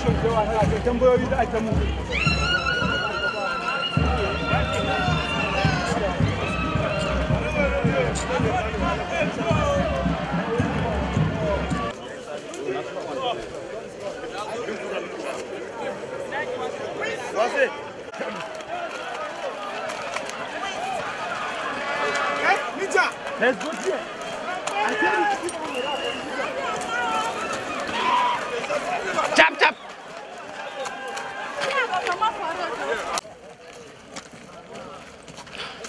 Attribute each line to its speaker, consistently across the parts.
Speaker 1: kasancewa na da tambayoyi da ake mu Let's go. I tell you,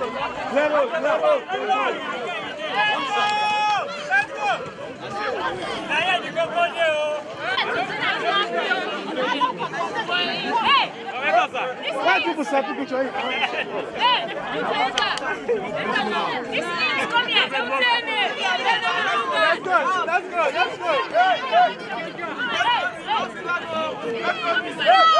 Speaker 1: Level, level. Vai tu puxar pro bicho aí. Ei, Isso come here. Come here, Let's go. Let's go. Let's go. Let's go. Let's go.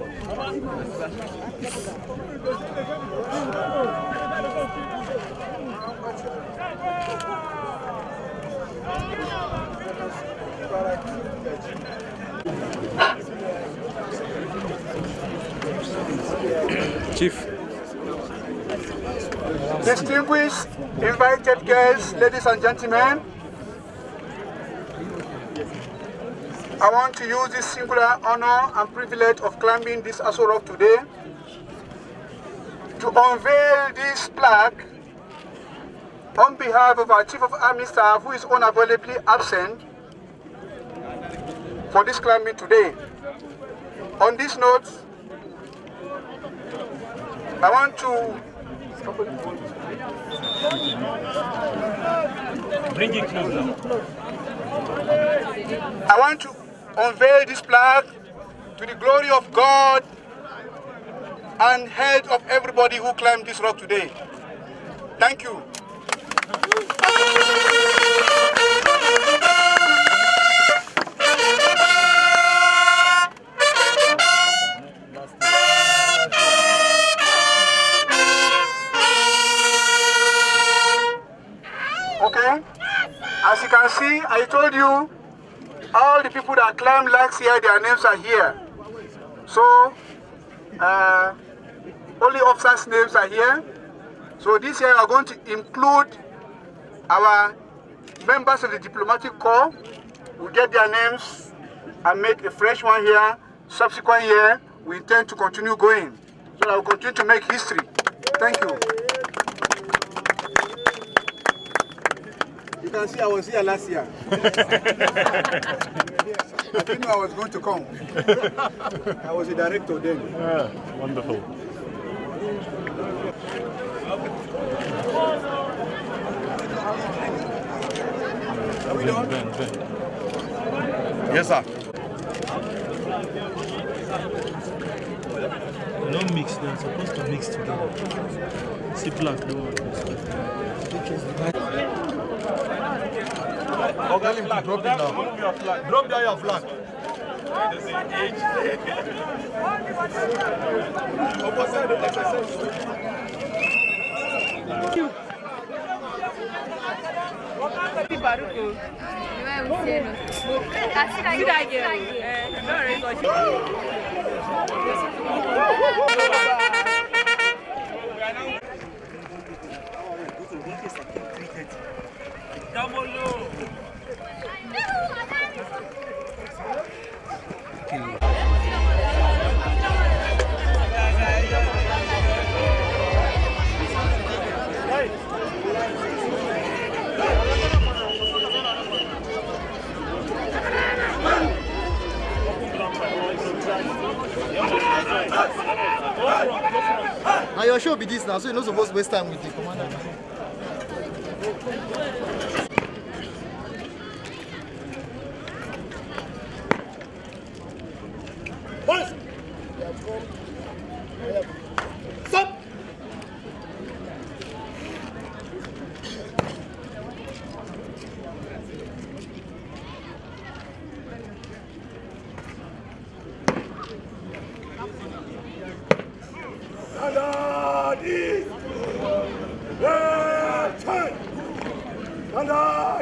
Speaker 1: Chief. Distinguished invited guests, ladies and gentlemen, I want to use this singular honor and privilege of climbing this Aso Rock today to unveil this plaque on behalf of our Chief of Army Staff who is unavoidably absent for this climbing today. On this note, I want to bring it closer. I want to unveil this plaque to the glory of God and head of everybody who climbed this rock today. Thank you. that claim lags here, their names are here. So, uh, only officers' names are here. So this year we are going to include our members of the diplomatic corps. We get their names and make a fresh one here. Subsequent year, we intend to continue going. So I will continue to make history. Thank you. You can see I was here last year. I didn't know I was going to come. I was a director then. Yeah, wonderful. Are we Ben, ben. Yes, sir. Don't mix, they're supposed to mix together. See, black, no one. now. Tell him to drop it now. Drop down your flag. Thank you. Dámọ́lò. show be this now, so you're not supposed to waste time with the commander. Boys!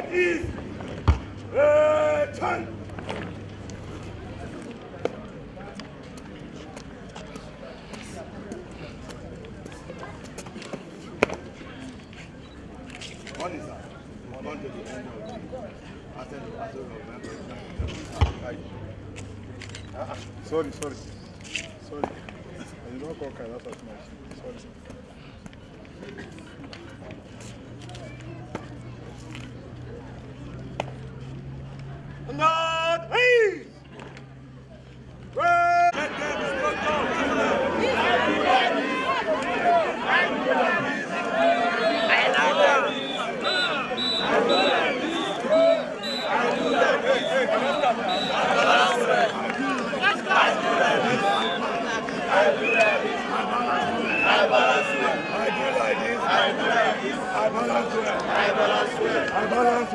Speaker 1: Deutschland eh, ist Rettung! What is that? On to the end of the... I said, I don't remember. Sorry, sorry. Sorry. I did not call Kai, that was my Sorry.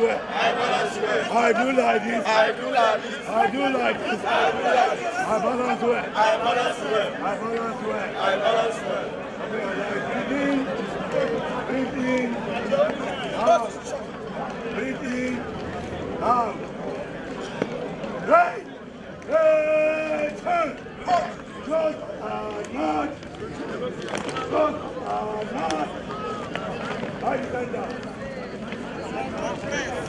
Speaker 1: swear. I do like this. I do like this. I do like this. I do like this. I not swear. I balance well. I balance well. I balance not swear. in. Breathe in. Out. Breathe in. Out. Hey! Hey! Turn! Just a notch! Just a notch! I defend that. Yes.